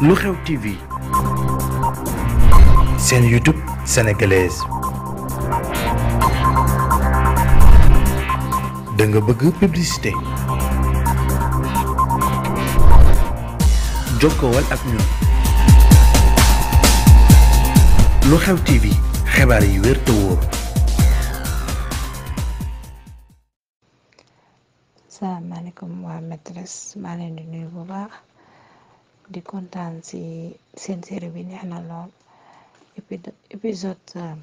lu xew TV seen YouTube sénégalaise da nga bëgg publicité jokkowal ak ñun lu xew TV xibaar yi wér te wóor. salaamaaleykum waa maîtresse maa leen di nuyu bu di kontaan si seen série bi neex na lool épisode euh,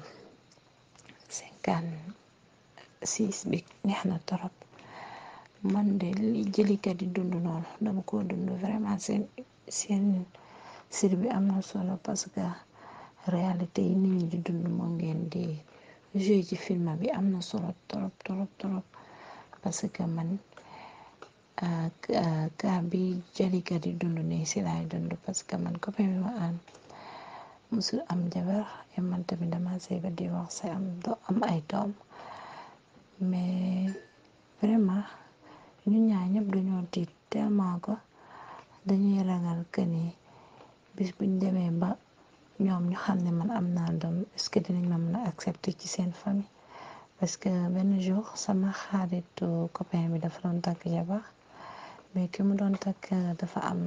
cinquante six bi neex na torop man de li jëlikat yi dund noonu dama ko dund vraiment seen seen bi am na solo parce que réalité yi di dund moo ngeen di joué ci film bi am na solo torop torop torop parce man kaa bi jalikat yi dund ne si laay dund parce que man copain bi ma aan musul am jabar et man tamit dama sey ba divorcé am do am ay doom mais vraiment ñu ñaar ñëpp dañoo tiit tellement ko dañuy ragal que ni bis buñ demee ba ñoom ñu xam ne man am naa doom est-ce que dinañ ma mën a accepter ci seen famille parce que benn jour sama xaaritu copain bi dafa doon takk jabar mais ki mu doon takk dafa am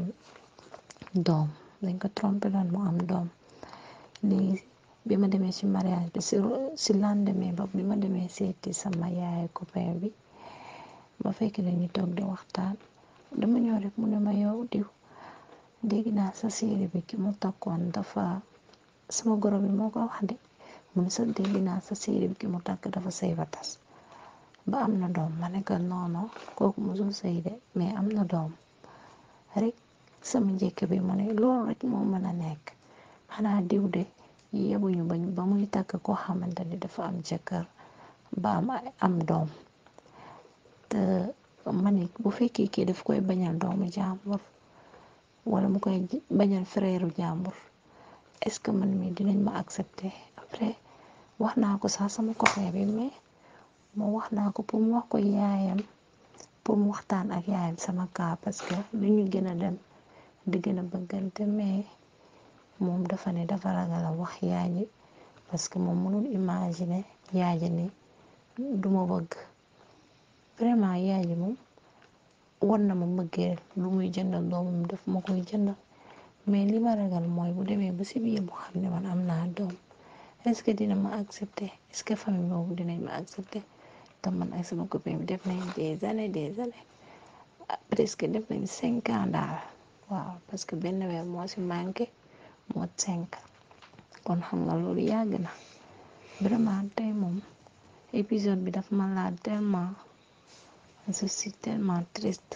doom dañ ko trompé loon mu am doom léegi bi ma demee ci mariage bi si si lendemain ba bi ma demee seeti sama yaay copain bi ma ne dañu toog di waxtaan dama ñëw rek mu ne ma yow diw dégg naa sa série bi ki takkoon dafa sama goro moo ko wax de mu ne sa dégg naa sa mu takk dafa say tas ba am na doom ma ne ko non non kooku mosul de mais am na doom rek sama njëkk bi mu ne loolu rek moo mën a nekk xanaa diw de yebuñu ba muy takk koo xamante ni dafa am jëkkër ba am am doom te man it bu fekkee kii daf koy bañal doomu jàmbur wala mu koy bañal frère jàmbur est-ce que man mi dinañ ma accepter après wax naa ko sax sama copain bi mais. moom wax naa ko pour mu wax ko yaayam pour mu waxtaan ak yaayam sama kaa parce que lu ñu gën a dem di gën a bëggante mais moom dafa ne dafa ragal a wax yaay ji parce que moom mënul imaginer yaay ji ni du ma bëgg vraiment yaay ji moom won na ma mbëggeel lu muy jëndal doomam daf ma koy jëndal mais li ma ragal mooy bu demee ba si biir xam ne man am naa doom est-ce que dina ma accepter est-ce que famille boobu dinañ ma accepter te man ak sama copine def nañ des années des années presque def nañu cinq ans daal waaw parce que benn weer moo si manqué moo cinq kon xam nga loolu yàgg na vraiment tey moom épisode bi daf ma laal tellement je suis tellement triste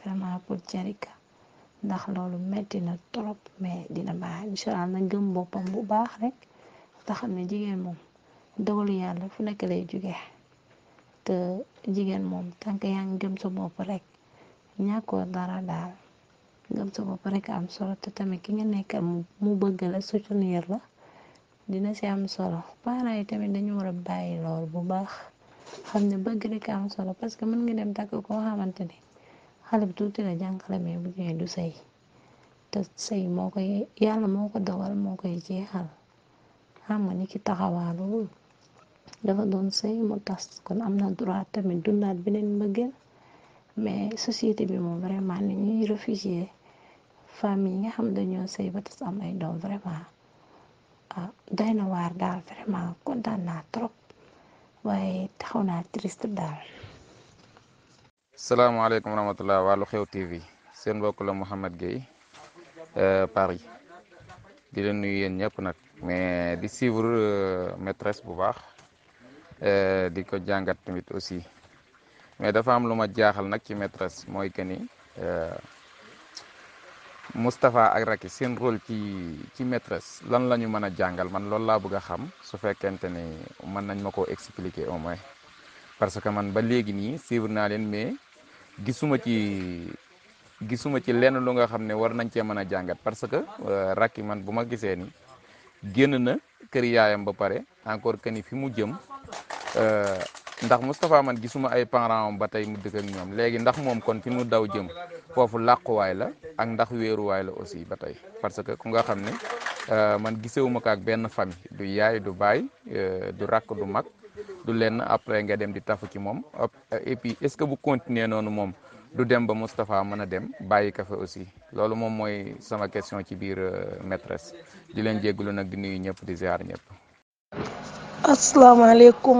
vraiment pour Jarika ndax loolu metti na trop mais dina baax incha allah na gëm boppam bu baax rek te xam ne jigéen moom dogalu yàlla fu nekk lay jógee que jigéen moom tànk yaa ngi gëm sa bopp rek ñàkkoo dara daal gëm sa bopp rek am solo te tamit ki nga nekk mu bëgg la soutenir la dina si am solo parents yi tamit dañu war a bàyyi lool bu baax xam ne bëgg rek am solo parce que mën nga dem takk koo xamante ne xale bu tuuti la jànqale mais bu ñëwee du sëy te sëy moo koy yàlla moo ko dogal moo koy jeexal xam nga ni taxawaalu dafa doon sëy mu tas kon am na droit tamit dundaat beneen mbëggeel mais société bi moom vraiment ni ñuy réfugié famille yi nga xam dañoo sëy ba tas am ay doom vraiment ah na waar daal vraiment kontaan naa trop waaye taxaw naa triste daal. salaamaaleykum wa rahmatulah wàllu xew TV seen mbokk la Mouhamed Gueye Paris di leen nuyu yéen ñëpp nag mais di suivre maîtresse bu baax. Eh, di ko jàngat tamit aussi mais dafa am lu ma jaaxal nag ci maîtresse mooy que ni eh, Moustapha ak Racky seen rôle ci ci maîtresse lan la ñu mën a jàngal man loolu laa bëgg a xam su fekkente ni mën nañ ma ko expliquer au moins parce que man ba léegi nii suivre naa leen mais gisuma ci gisuma ci lenn lu nga xam ne war nañ cee mën a jàngat parce que eh, Racky man bu ma gisee ni génn na kër yaayam ba pare encore que fi mu jëm Euh, ndax Moustapha man gisuma ay parents am ba tey mu dëkk ak ñoom léegi ndax moom kon fi mu daw jëm foofu làquwaay la ak ndax wéeruwaay la aussi ba tey parce que ku nga xam ne euh, man gisewuma ko ak benn famille du yaay du baay euh, du rakk du mag du lenn après nga dem di tafu ci moom et puis est-ce que bu continuer noonu moom du dem ba Moustapha mën a dem bàyyi ka fa aussi loolu moom mooy sama question ci biir maîtresse di leen jéggalu nag di nuyu ñëpp di ziar ñëpp. asalaamaaleykum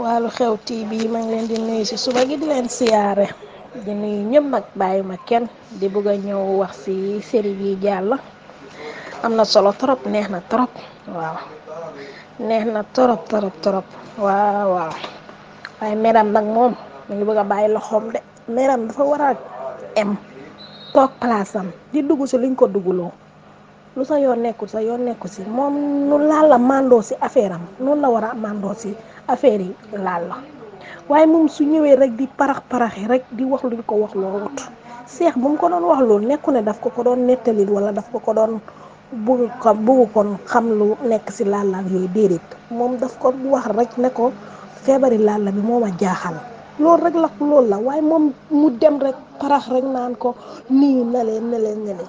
wàllu xew tv ma mag leen di nuyu si suba gi di leen siyaare di nuyu ñëpp nag bàyyi ma kenn di bëgg a ñëw wax si série bi jàll am na solo trop neex na trop waaw na trop trop waaw waaye meram nag moom mu ngi bëgg a bàyyi loxoom de meram dafa war a em toog place di dugg si luñ ko duggloo lu sa yoon nekkul sa yoon nekku si moom nu laal la màndoo si affaire am noonu la war a màndoo si affaire yi laal la waaye moom su ñëwee rek di parax paraxi rek di wax luñ ko wax loo wut bu mu ko doon wax loolu nekku ne daf ko ko doon nettalil wala daf ko ko doon bugg ko kon xam lu nekk si laal la yooyu moom daf ko wax rek ne ko feebari laal la bi moo ma jaaxal loolu rek la loolu la waaye moom mu dem rek parax rek naan ko nii na leen na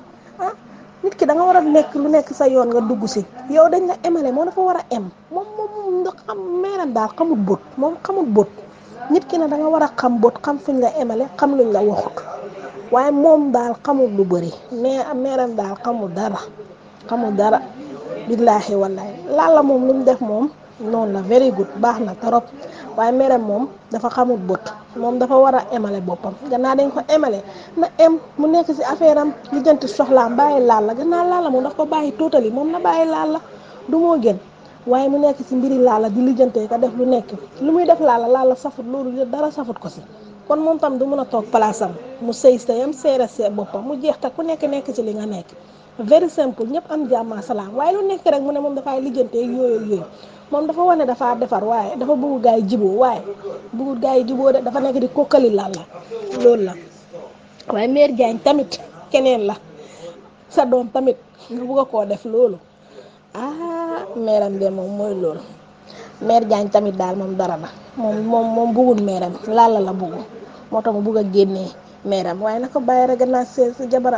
nit ki da nga war a nekk lu nekk sa yoon nga dugg si yow dañ la emale moo dafa war a em moom moom nga xam meeram daal xamul bët moom xamul bët nit ki nag da war a xam bët xam fuñ la emale xam luñ la waxut waaye moom daal xamut lu bëri mais meeram daal xamul dara xamul dara billaahi wallaahi la moom lu mu def moom noonu la very good baax na trop waaye mere moom dafa xamul bët moom dafa war a émale boppam gannaaw dañ ko émale na em mu nekk ci affaire am lijjanti soxlaam bàyyi laal la gannaaw laal la moom ndax ko bàyyi tuutali moom na bàyyi laal la du moo gën waaye mu nekk ci mbiri laala di lijjantee ko def lu nekk lu muy def laala laala safut loolu dara safut ko ci kon moom tam du mën a toog palaasam mu sëy sëyam seere see boppam mu jeex te ku nekk nekk ci li nga nekk very simple ñëpp am jàmm salaam waaye lu nekk rek mu ne moom dafay lijjantee yooyu moom dafa wane dafa defar waaye dafa bëggu gaa yi jiboo waaye bëggu gaa yi jiboo de dafa nekk di kokkali lan la lool la waaye mère Diagne tamit keneen la sa doom tamit nga bëgg koo def loolu ah meeram de moom mooy loolu mère Diagne tamit daal moom dara la moom moom moom bëggul meeram laala la bëggu moo tax mu bëgg a génnee meeram waaye na ko bàyyi rek naa seen jabar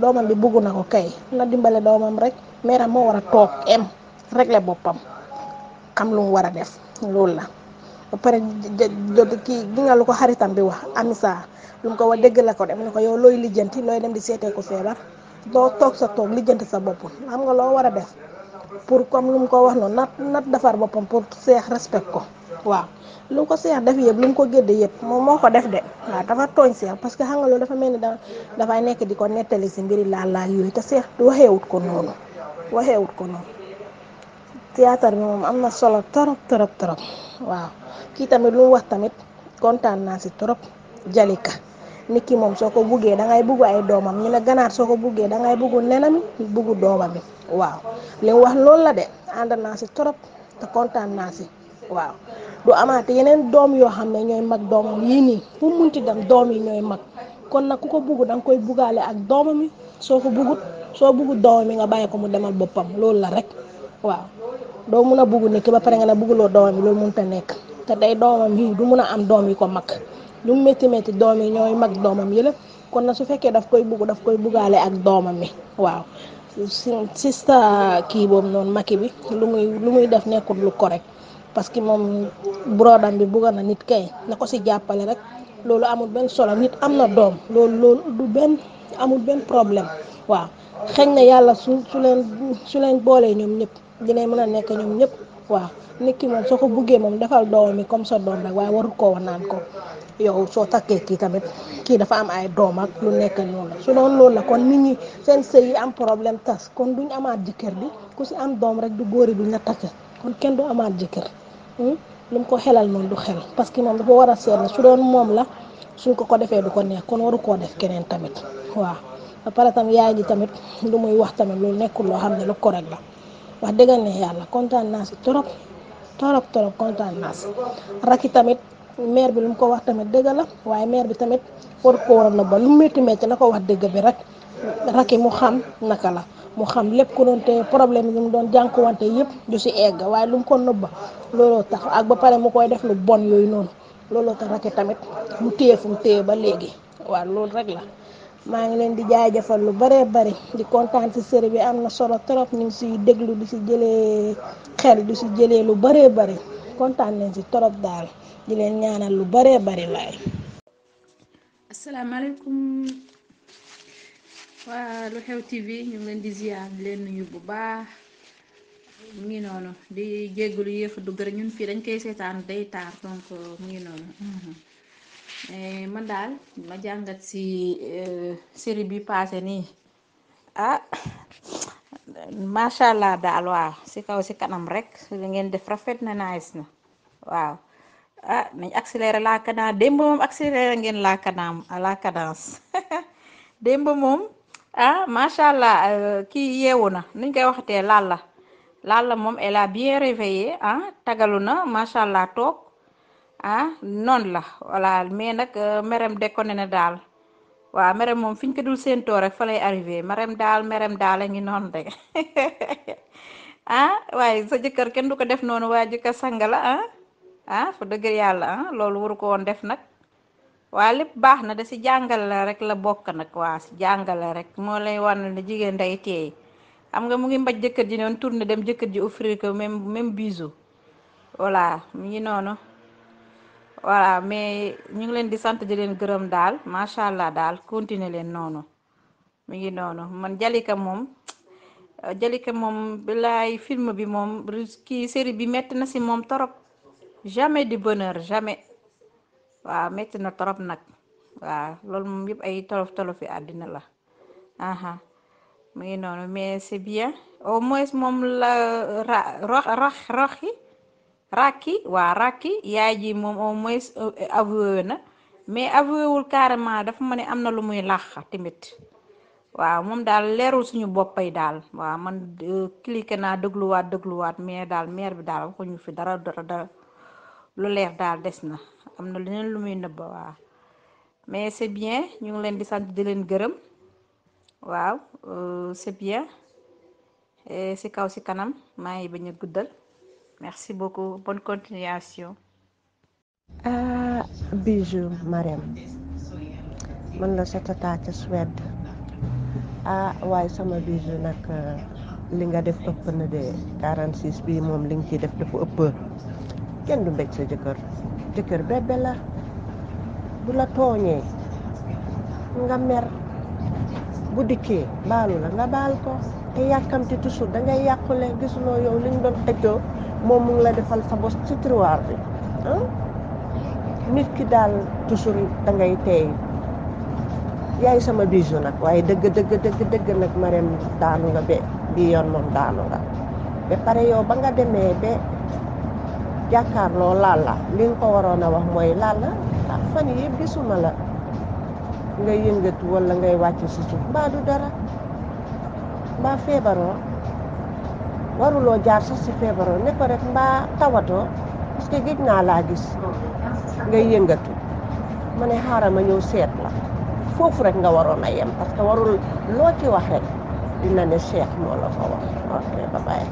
doomam bi bëggu na ko kay na dimbale doomam rek meeram moo war a toog em régler boppam. xam lu mu war a def loolu la ba pare kii gi nga lu ko xaritam bi wax amisa lu mu ko wax dégg la ko dem ne ko yow looy lijjanti looy dem di seetee ko feebar doo toog sa toog lijjanti sa bopp xam nga loo war a def pour comme lu mu ko wax noonu nat nat defar boppam pour seex respect ko waaw lu ko seex def yëpp lu mu ko gédde yëpp moom moo ko def de waaw dafa tooñ seex parce que xam nga loolu dafa mel ni da dafay nekk di ko nettali si mbiri laal laal yooyu te seex waxeewut ko noonu waxeewut ko noonu théâtre bi moom am na solo torop torop torop waaw kii tamit lu wax tamit kontaan naa si trop Jalika nit ki moom soo ko buggee da ngay bugg ay doomam ñi ne ganaar soo ko buggee da ngay bugg nenam yi doomam yi waaw wax loolu la de ànd naa si torop te kontaan naa si waaw du amaate yeneen doom yoo xam ne ñooy mag doomam yii nii fu munti dem doom yi ñooy mag kon nag ku ko bugg da koy buggaale ak doomam yi soo ko buggut soo buggut doomam yi nga bàyyi ko mu demal boppam loolu la rek waaw doo mun a buggu nit ki ba pare nga ne bugguloo doomam yi loolu mënut a nekk te day doomam yi du mun a am doom yi ko mag lu mu métti métti doom yi ñooy mag doomam yële kon na su fekkee daf koy bugg daf koy buggaale ak doomam mi waaw si sista kii boobu noonu maki bi lu muy lu muy def nekkul lu ko rek parce que moom brodam bi bugga na nit kay na ko si jàppale rek loolu amul benn solo nit am na doom loolu loolu du benn amul benn problème waaw xëy na yàlla su su leen su leen boolee ñoom ñëpp dinañ mën a nekk ñoom ñëpp waaw nit ki moom soo ko buggee moom defal doom mi comme sa doom rek waaye waru koo naan ko yow soo takkee kii tamit kii dafa am ay doom lu nekk noonu la su doon loolu la kon nit ñi seen sëy yi am problème tas kon duñ amaat jëkkër bi ku si am doom rek du góori bi nga takk kon kenn du amaat jëkkër hmm? lu mu ko xelal moom du xel parce que moom dafa war a seet ne su doon moom la suñ ko ko defee du ko neex kon waru koo def keneen tamit waaw. ba pare tam yaay ji tamit lu muy wax tamit loolu nekkul loo xam ne lu correct la wax dëgg ne yàlla kontaan naa si torop torop torop kontaan naa rakki tamit maire bi lu mu ko wax tamit dëgg la waaye meer bi tamit war ko waroon na ba lu métti métti na ko wax dëgg bi rek rakki mu xam naka la mu xam lépp ku doon te problème yi mu doon jànkuwante yëpp du si egg waaye lu mu looloo tax ak ba pare mu koy def lu bon yooyu noonu looloo tax rakki tamit mu téye fu mu téye ba léegi waaw loolu rek la maa ngi leen di jaajëfal lu bare bari di kontaan ci série bi am na solo trop ñu ngi siy déglu di si jëlee xel di si jëlee lu bare bari kontaan nañ si trop daal di leen ñaanal lu bare bari laay. asalaamaaleykum waa lu xew TV ñu ngi leen di ziar leen nuyu bu baax mu ngi noonu di jégalu yéex a dugg rek ñun fii dañ koy seetaan day taar donc mu ngi noonu. Eh, man daal ma jàngat si eh, série bi passé nii ah macha allah daal waaw si kaw si kanam rek la ngeen def rafet na nice na waaw a ah, nañ accéléré la cadence ngeen la cadence la cadence démb moom ah macha allah euh, kii yeewu na nuñ koy waxatee laal la laal la moom elle a bien réveillé ah tagalu na macha allah toog. ah noonu la voilà mais nag euh, merem déconné na daal waaw merem moom fiñ ñu ko dul séentoo rek fa lay arrivé merem daal merem daal a ngi noonu rek ah waaye sa jëkkër kenn du ko def noonu waa jëkkër sanga la ah ah fa dëgg yàlla ah loolu waru ko woon def nag waa lépp baax na da si jàngal la rek la bokk nag waa si jàngal rek moo lay wan ne jigéen day teey xam nga mu ngi mbaj jëkkër ji noonu tourné dem jëkkër ji offrir ko même même bisou voilà mu ngi noonu. voilà mais ñu ngi leen di sant di leen gërëm daal macha allah daal continuer leen noonu mu ngi noonu man Jalika moom Jalika moom lay film bi moom kii série bi metti na si moom trop jamais du bonheur jamais waa metti na trop nag waa loolu moom yëpp ay tolof tolof yi àddina la mu ngi noonu mais c'est bien au moins moom la ra rox rox roxi Racky waa Racky yaay ji moom au moins euh, avoué na mais avoué wul carrément dafa ma ne am na lu muy làq tamit waaw moom daal leerul suñu boppay daal waa man euh, cliqué naa dégluwaat dégluwaat mais daal maire bi daal waxuñu fi dara dara dara lu leer daal des na am na lu leneen lu muy nëbba waaw mais c'est bien ñu ngi leen di sant di leen gërëm waaw euh, c'est bien si kaw si kanam maa ngi bañ a guddal. merci beaucoup bonne continuation. ah Bijou Marème man la sa tata ca Suède ah, waaye sama Bijou nag euh, li nga def ëpp na de bii moom li nga ciy def dafa ëpp kenn du mbéj sa jëkkër jëkkër bébé la bu la tooñee nga mer bu dikkee baalu la nga baal ko te yàkkamti toujours da yàqule gisuloo yow liñ doon xëccoo. moom mu ngi la defal sa bos ci tiroir bi ah? nit ki daal toujours da ngay yaay sama bijou nag waaye dëgg dëgg dëgg dëgg ma marem daanu nga be bi yoon moom daanu nga ba pare yow ba nga demee ba jàkkaarloo laal la li nga ko waroon a wax mooy laal la nga ah, fan yi gisuma la nga yëngatu walla ngay wàcc si suuf mbaa du dara mbaa feebaroo waruloo jaar sax si feebaroo ne ko rek mbaa tawatoo parce que naa laa gis ngay yëngatu ma ne xaaral ma ñëw seet la foofu rek nga waroon a yem parce que warul loo ci wax rek dina ne seet moo la ko wax ok ba bàyyi